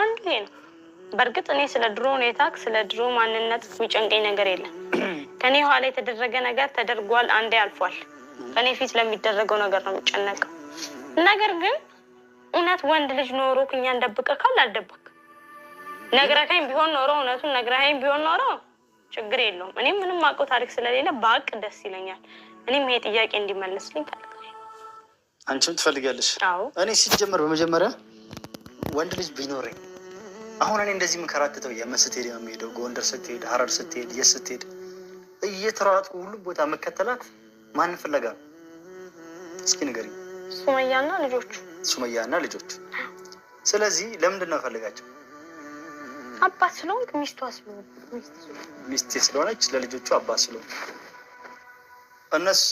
አንድ ላይ ነው። በእርግጥ እኔ ስለ ድሮ ሁኔታ ስለ ድሮ ማንነት የሚጨንቀኝ ነገር የለም። ከኔ ኋላ የተደረገ ነገር ተደርጓል፣ አንዴ አልፏል። ከእኔ ፊት ለሚደረገው ነገር ነው የሚጨነቀው። ነገር ግን እውነት ወንድ ልጅ ኖሮ እኛን እንደብቀ ካል አልደበቅ ነግረኸኝ ቢሆን ኖሮ እውነቱን ነግረኸኝ ቢሆን ኖሮ ችግር የለውም። እኔም ምንም አውቀው ታሪክ ስለሌለ በአቅ ደስ ይለኛል። እኔም ይሄ ጥያቄ እንዲመለስልኝ ታልቃል። አንቺም ትፈልጋለሽ? እኔ ሲጀመር በመጀመሪያ ወንድ ልጅ ቢኖረኝ አሁን እኔ እንደዚህ የምከራተተው የምን ስትሄድ ጎንደር ስትሄድ፣ ሀረር ስትሄድ፣ የት ስትሄድ እየተሯሯጥኩ ሁሉ ቦታ መከተላት ማንን ፍለጋ ነው? እስኪ ንገሪኝ። ሱመያና ልጆቹ ሱመያና ልጆቹ። ስለዚህ ለምንድን ነው ፈልጋቸው? አባት ስለሆንክ ሚስቱ ሚስቴ ስለሆነች ለልጆቹ አባት ስለሆንክ እነሱ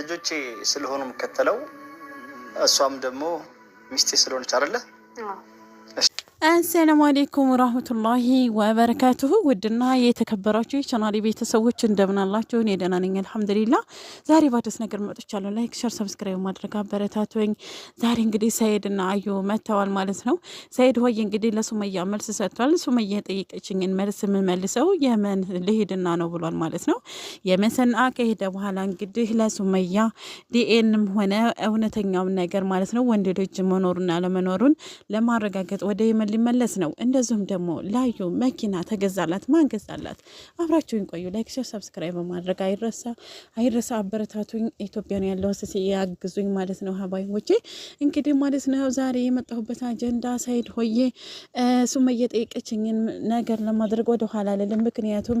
ልጆቼ ስለሆኑ የምከተለው እሷም ደግሞ ሚስቴ ስለሆነች አይደለ? አሰላሙ አሌይኩም ወራህመቱላሂ ወበረካቱሁ። ውድና የተከበራችሁ የቻናሌ ቤተሰቦች እንደምናላችሁ፣ እኔ ደህና ነኝ አልሐምዱሊላ። ዛሬ በአዲስ ነገር መጥቻለሁ። ላይክ፣ ሸር፣ ሰብስክራይብ ማድረግ አበረታቶኝ። ዛሬ እንግዲህ ሰይድና አዩ መጥተዋል ማለት ነው። ሰይድ ሆይ እንግዲህ ለሱመያ መልስ ሰጥቷል። ሱመያ የጠየቀችኝን መልስ የምመልሰው የመን ልሂድና ነው ብሏል ማለት ነው። የመን ሰንአ ከሄደ በኋላ እንግዲህ ለሱመያ ዲኤንም ሆነ እውነተኛውን ነገር ማለት ነው ወንድ ልጅ መኖሩና ለመኖሩን ለማረጋገጥ ወደ የመን ሊመለስ ነው። እንደዚሁም ደግሞ ላዩ መኪና ተገዛላት። ማን ገዛላት? አብራችሁኝ ቆዩ። ላይክ፣ ሼር፣ ሰብስክራይብ በማድረግ አይረሳ አይረሳ። አበረታቱኝ። ኢትዮጵያን ያለው ስሴ ያግዙኝ ማለት ነው። ሀባይቦቼ እንግዲህ ማለት ነው ዛሬ የመጣሁበት አጀንዳ ሳይድ ሆዬ እሱም እየጠየቀችኝን ነገር ለማድረግ ወደኋላ ኋላ አልልም። ምክንያቱም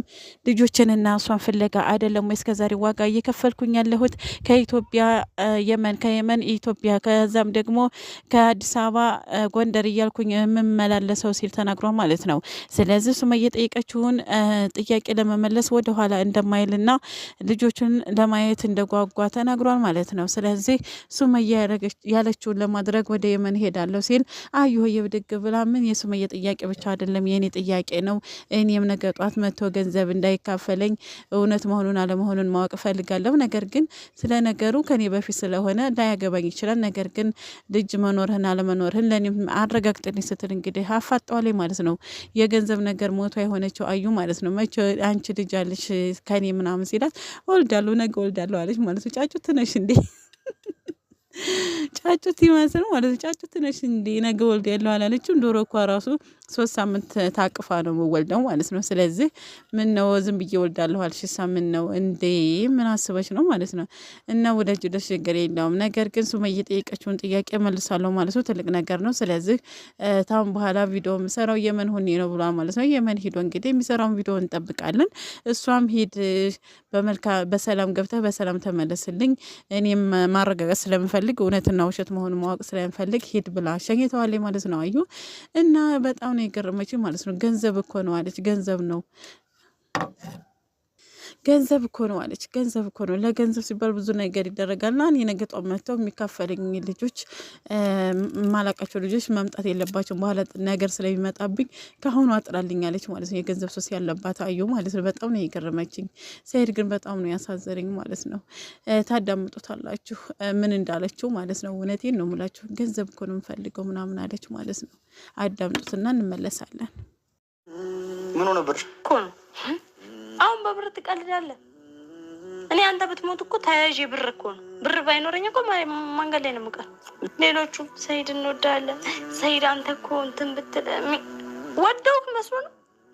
ልጆችንና እሷን ፍለጋ አይደለም እስከዛሬ ዋጋ እየከፈልኩኝ ያለሁት ከኢትዮጵያ የመን ከየመን ኢትዮጵያ ከዛም ደግሞ ከአዲስ አበባ ጎንደር እያልኩኝ የምን የምመላለሰው ሲል ተናግሯል ማለት ነው። ስለዚህ ሱመ የጠየቀችውን ጥያቄ ለመመለስ ወደኋላ እንደማይልና ልጆቹን ለማየት እንደጓጓ ተናግሯል ማለት ነው። ስለዚህ ሱመ ያለችውን ለማድረግ ወደ የመን ሄዳለሁ ሲል አዩ የብድግ ብላ ምን የሱመ ጥያቄ ብቻ አይደለም የእኔ ጥያቄ ነው። እኔም ነገ ጧት መጥቶ ገንዘብ እንዳይካፈለኝ እውነት መሆኑን አለመሆኑን ማወቅ እፈልጋለሁ። ነገር ግን ስለ ነገሩ ከኔ በፊት ስለሆነ ላያገባኝ ይችላል። ነገር ግን ልጅ መኖርህን አለመኖርህን ለእኔም አረጋግጥልኝ ስትል እንግዲህ አፋጠዋል ማለት ነው። የገንዘብ ነገር ሞቷ የሆነችው አዩ ማለት ነው። መቼ አንቺ ልጅ አለሽ ከኔ ምናምን ሲላት ወልዳለሁ፣ ነገ ወልዳለሁ አለች ማለት ነው። ጫጩት ነሽ እንዴ? ጫጩት ይመስል ማለት ነው። ጫጩት ነሽ እንዴ ነገ ወልድ ያለው አላለችም። ዶሮ እኳ ራሱ ሶስት ሳምንት ታቅፋ ነው ወልደው ማለት ነው። ስለዚህ ምን ነው ዝም ብዬ ወልዳለሁ አልሽ ሳምንት ነው እንዴ ምን አስበች ነው ማለት ነው። እና ወዳጅ ደስ ችግር የለውም። ነገር ግን ሱመ እየጠየቀችውን ጥያቄ መልሳለሁ ማለት ነው። ትልቅ ነገር ነው። ስለዚህ ታም በኋላ ቪዲዮ የምሰራው የመን ሁኔ ነው ብሏል ማለት ነው። የመን ሂዶ እንግዲህ የሚሰራውን ቪዲዮ እንጠብቃለን። እሷም ሂድ በመልካ በሰላም ገብተህ በሰላም ተመለስልኝ፣ እኔም ማረጋገጥ ስለምፈልግ እውነትና ውሸት መሆኑ ማወቅ ስለምፈልግ ሂድ ብላ ሸኝተዋለች ማለት ነው። አዩ እና በጣም ነው የገረመችኝ ማለት ነው። ገንዘብ እኮ ነው አለች። ገንዘብ ነው ገንዘብ እኮ ነው አለች። ገንዘብ እኮ ነው፣ ለገንዘብ ሲባል ብዙ ነገር ና እኔ ነገ ጧት መጥተው የሚካፈለኝ ልጆች የማላቃቸው ልጆች መምጣት የለባቸው በኋላ ነገር ስለሚመጣብኝ ከአሁኑ አጥራልኛለች ማለት ነው። የገንዘብ ሶስ ያለባት አዩ ማለት ነው። በጣም ነው የገረመችኝ። ሰኢድ ግን በጣም ነው ያሳዘነኝ ማለት ነው። ታዳምጡታላችሁ ምን እንዳለችው ማለት ነው። እውነቴን ነው ሙላችሁ። ገንዘብ እኮ ነው የምፈልገው ምናምን አለች ማለት ነው። አዳምጡትና እንመለሳለን። ምን ነበር እኮ ነው አሁን በብር ትቀልዳለህ። እኔ አንተ ብትሞት እኮ ተያዥ ብር እኮ ነው። ብር ባይኖረኝ እኮ መንገድ ላይ ነው የምቀር። ሌሎቹ ሰይድ እንወዳለን፣ ሰይድ አንተ እኮ እንትን ብትል ወደው መስሎ ነው።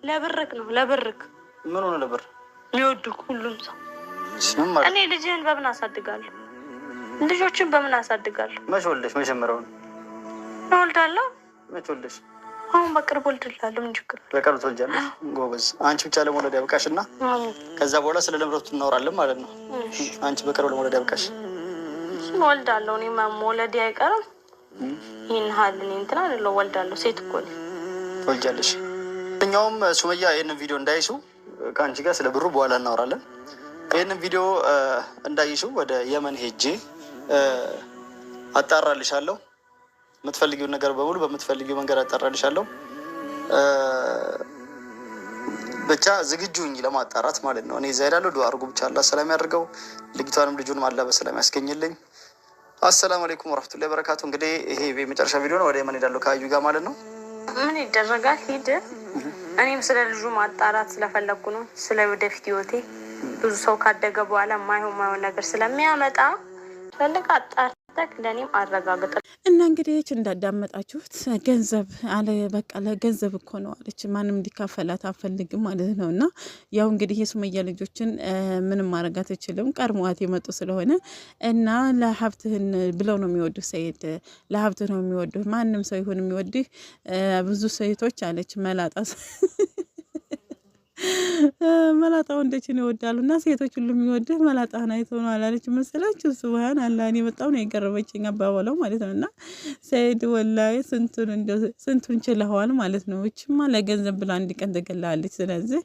ለብርክ ነው ለብርክ። ምን ሆነ ለብር የሚወዱህ ሁሉም ሰው። እኔ ልጅህን በምን አሳድጋለሁ? ልጆችን በምን አሳድጋለሁ? መች ወልደሽ መጀመሪያውን እወልዳለሁ። መች ወልደሽ አሁን በቅርብ ወልድላለሁ። ምን ችግር አለ? በቅርብ ትወልጃለሽ። ጎበዝ። አንቺ ብቻ ለመውለድ ያብቃሽ እና ከዛ በኋላ ስለ ንብረቱ እናወራለን ማለት ነው። አንቺ በቅርብ ለመውለድ ያብቃሽ። ወልዳለሁ። እኔ መውለድ አይቀርም። ይህን ሀል እኔ እንትን አይደለሁ። ወልዳለሁ። ሴት እኮ ነኝ። ትወልጃለሽ። እኛውም ሱመያ ይህንን ቪዲዮ እንዳይሱ ከአንቺ ጋር ስለ ብሩ በኋላ እናወራለን። ይህንን ቪዲዮ እንዳይሱ ወደ የመን ሄጄ አጣራልሻለሁ። የምትፈልጊውን ነገር በሙሉ በምትፈልጊው መንገድ አጣራልሻለሁ። ብቻ ዝግጁ ለማጣራት ማለት ነው። እኔ እዛ እሄዳለሁ። ዱዓ አድርጉ ብቻ አላህ ሰላም ያደርገው ልጅቷንም ልጁን ማላ በሰላም ያስገኝልኝ። አሰላሙ አለይኩም ወረሕመቱላሂ በረካቱ። እንግዲህ ይሄ የመጨረሻ ቪዲዮ ነው። ወደ የመን እሄዳለሁ ከአዩ ጋር ማለት ነው። ምን ይደረጋል? ሂድ። እኔም ስለ ልጁ ማጣራት ስለፈለግኩ ነው። ስለ ወደፊት ህይወቴ ብዙ ሰው ካደገ በኋላ ማይሆን ማይሆን ነገር ስለሚያመጣ ፈልግ አጣርተህ ለእኔም አረጋግጠ እና እንግዲህ እንዳዳመጣችሁት ገንዘብ አለ በቃ ገንዘብ እኮ ነው አለች። ማንም እንዲካፈላት አፈልግም ማለት ነው። እና ያው እንግዲህ የሱመያ ልጆችን ምንም ማድረግ አትችልም፣ ቀድሞዋት የመጡ ስለሆነ እና ለሀብትህን ብለው ነው የሚወዱህ ሰይድ፣ ለሀብትህ ነው የሚወዱህ ማንም ሰው ይሁን የሚወድህ ብዙ ሴቶች አለች መላጣ መላጣ ወንዶችን ይወዳሉ እና ሴቶች ሁሉ የሚወድህ መላጣህን አይተው ነው አላለች መሰላችሁ? ስብሀን አላ እኔ በጣም ነው የገረመችኝ አባባለው ማለት ነው። እና ሰይድ ወላሂ ስንቱን ስንቱን ችለኸዋል ማለት ነው። እችማ ለገንዘብ ብላ አንድ ቀን ትገላለች። ስለዚህ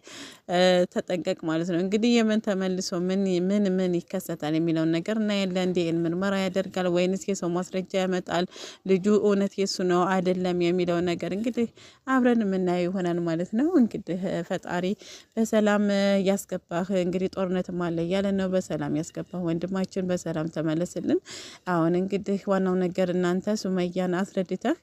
ተጠንቀቅ ማለት ነው። እንግዲህ የመን ተመልሶ ምን ምን ምን ይከሰታል የሚለውን ነገር እና ያለ እንዲ ምርመራ ያደርጋል ወይንስ የሰው ማስረጃ ያመጣል ልጁ እውነት የሱ ነው አይደለም የሚለው ነገር እንግዲህ አብረን የምናየው ይሆናል ማለት ነው። እንግዲህ ፈጣሪ በሰላም ያስገባህ። እንግዲህ ጦርነትም አለ እያለ ነው። በሰላም ያስገባህ ወንድማችን፣ በሰላም ተመለስልን። አሁን እንግዲህ ዋናው ነገር እናንተ ሱመያን አስረድተህ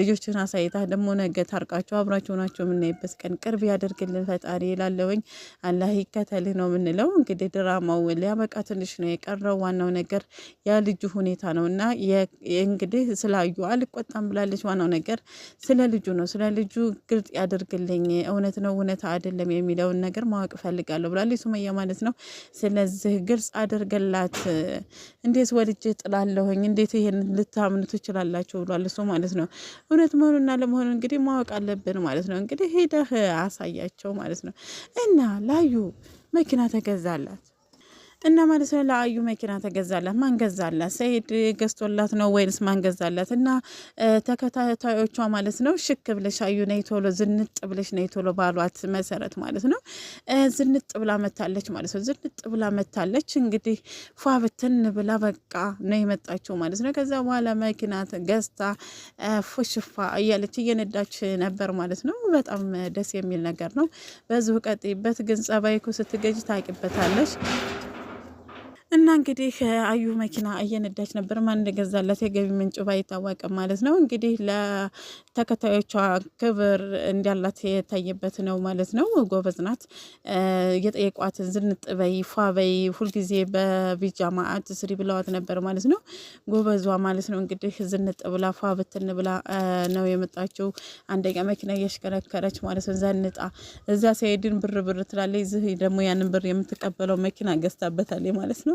ልጆችን አሳይተህ ደግሞ ነገ ታርቃችሁ አብራችሁ ናቸው የምናይበት ቀን ቅርብ ያደርግልን ፈጣሪ ይላለውኝ። አላህ ይከተልህ ነው የምንለው። እንግዲህ ድራማው ሊያበቃ ትንሽ ነው የቀረው። ዋናው ነገር የልጁ ሁኔታ ነው እና እንግዲህ ስላዩ አልቆጣም ብላለች። ዋናው ነገር ስለ ልጁ ነው። ስለ ልጁ ግልጽ ያደርግልኝ። እውነት ነው እውነት አይደለም የሚለውን ነገር ማወቅ እፈልጋለሁ ብላለች ሱመያ ማለት ነው። ስለዚህ ግልጽ አድርገላት። እንዴት ወልጄ ጥላለሁኝ፣ እንዴት ይሄን ልታምኑ ትችላላችሁ ብሏል እሱ ማለት ነው። እውነት መሆኑና ለመሆኑ እንግዲህ ማወቅ አለብን ማለት ነው። እንግዲህ ሄደህ አሳያቸው ማለት ነው። እና ላዩ መኪና ተገዛላት እና ማለት ነው ለአዩ መኪና ተገዛላት። ማን ገዛላት? ሰኢድ ገዝቶላት ነው ወይንስ ማን ገዛላት? እና ተከታታዮቿ ማለት ነው ሽክ ብለሽ አዩ ነይ ቶሎ ዝንጥ ብለሽ ነይ ቶሎ ባሏት መሰረት ማለት ነው ዝንጥ ብላ መታለች ማለት ነው። ዝንጥ ብላ መታለች። እንግዲህ ፏብትን ብላ በቃ ነው የመጣችው ማለት ነው። ከዛ በኋላ መኪና ገዝታ ፉሽፋ እያለች እየነዳች ነበር ማለት ነው። በጣም ደስ የሚል ነገር ነው። በዚሁ ቀጥይበት። ግን ጸባይኩ ስትገጅ ታቂበታለች። እና እንግዲህ አዩ መኪና እየነዳች ነበር። ማን እንደገዛላት የገቢ ምንጭ ባይታወቅም ማለት ነው እንግዲህ ለተከታዮቿ ክብር እንዳላት የታየበት ነው ማለት ነው። ጎበዝ ናት። የጠየቋትን ዝንጥ በይ፣ ፏ በይ፣ ሁልጊዜ በቢጃማ ብለዋት ነበር ማለት ነው። ጎበዟ ማለት ነው እንግዲህ ዝንጥ ብላ ፏ ብትን ብላ ነው የመጣችው። አንደኛ መኪና እያሽከረከረች ማለት ነው ዘንጣ። እዛ ሰኢድን ብር ብር ትላለች፣ ደግሞ ያንን ብር የምትቀበለው መኪና ገዝታበታለች ማለት ነው።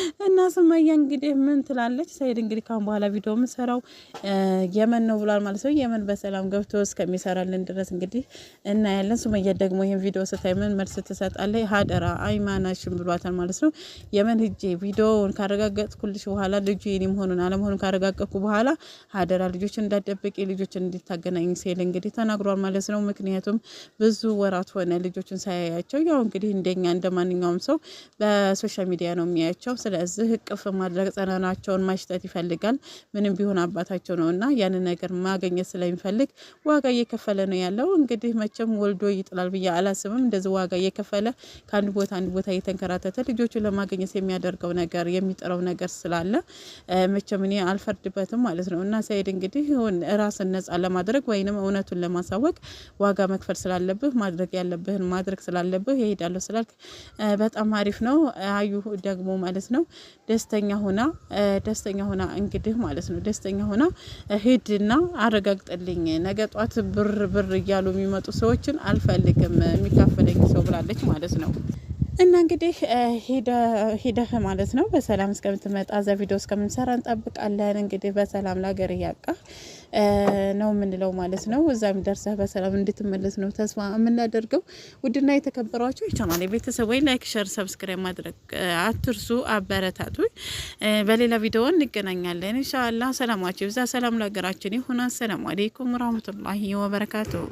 እና ሱመያ እንግዲህ ምን ትላለች? ሳይድ እንግዲህ ካሁን በኋላ ቪዲዮ የምሰራው የመን ነው ብሏል ማለት ነው። የመን በሰላም ገብቶ እስከሚሰራልን ድረስ እንግዲህ እናያለን። ሱመያ ደግሞ ይህን ቪዲዮ ስታይ ምን መልስ ትሰጣለች? ሀደራ አይማናሽም ብሏታል ማለት ነው። የመን ሂጄ ቪዲዮውን ካረጋገጥኩልሽ በኋላ ልጁ የኔ መሆኑን አለመሆኑን ካረጋገጥኩ በኋላ ሀደራ ልጆችን እንዳደብቂ ልጆችን እንዲታገናኝ ሲል እንግዲህ ተናግሯል ማለት ነው። ምክንያቱም ብዙ ወራት ሆነ ልጆችን ሳያያቸው። ያው እንግዲህ እንደኛ እንደማንኛውም ሰው በሶሻል ሚዲያ ነው የሚያያቸው ስለዚ እንደዚህ እቅፍ ማድረግ ጸናናቸውን ማሽተት ይፈልጋል። ምንም ቢሆን አባታቸው ነው እና ያንን ነገር ማገኘት ስለሚፈልግ ዋጋ እየከፈለ ነው ያለው። እንግዲህ መቼም ወልዶ ይጥላል ብዬ አላስብም። እንደዚህ ዋጋ እየከፈለ ከአንድ ቦታ አንድ ቦታ እየተንከራተተ ልጆቹን ለማገኘት የሚያደርገው ነገር የሚጥረው ነገር ስላለ መቼም እኔ አልፈርድበትም ማለት ነው እና ሰኢድ እንግዲህ ራስን ነጻ ለማድረግ ወይንም እውነቱን ለማሳወቅ ዋጋ መክፈል ስላለብህ ማድረግ ያለብህን ማድረግ ስላለብህ ይሄዳለሁ ስላልክ በጣም አሪፍ ነው። አዩ ደግሞ ማለት ነው ደስተኛ ሆና ደስተኛ ሆና እንግዲህ ማለት ነው ደስተኛ ሆና ሂድና አረጋግጠልኝ። ነገ ጧት ብር ብር እያሉ የሚመጡ ሰዎችን አልፈልግም የሚካፈለኝ ሰው ብላለች ማለት ነው። እና እንግዲህ ሂደህ ማለት ነው በሰላም እስከምትመጣ ዘ ቪዲዮ እስከምንሰራ እንጠብቃለን። እንግዲህ በሰላም ለሀገር እያቃ ነው የምንለው ማለት ነው። እዛም ደርሰህ በሰላም እንድትመለስ ነው ተስፋ የምናደርገው። ውድና የተከበሯቸው ይቻናል የቤተሰብ ወይ ላይክ፣ ሸር፣ ሰብስክራይብ ማድረግ አትርሱ። አበረታቱ። በሌላ ቪዲዮ እንገናኛለን ኢንሻአላህ። ሰላማችሁ ይብዛ። ሰላም ለሀገራችን ይሁን። አሰላሙ አሌይኩም ወራህመቱላሂ ወበረካቱሁ።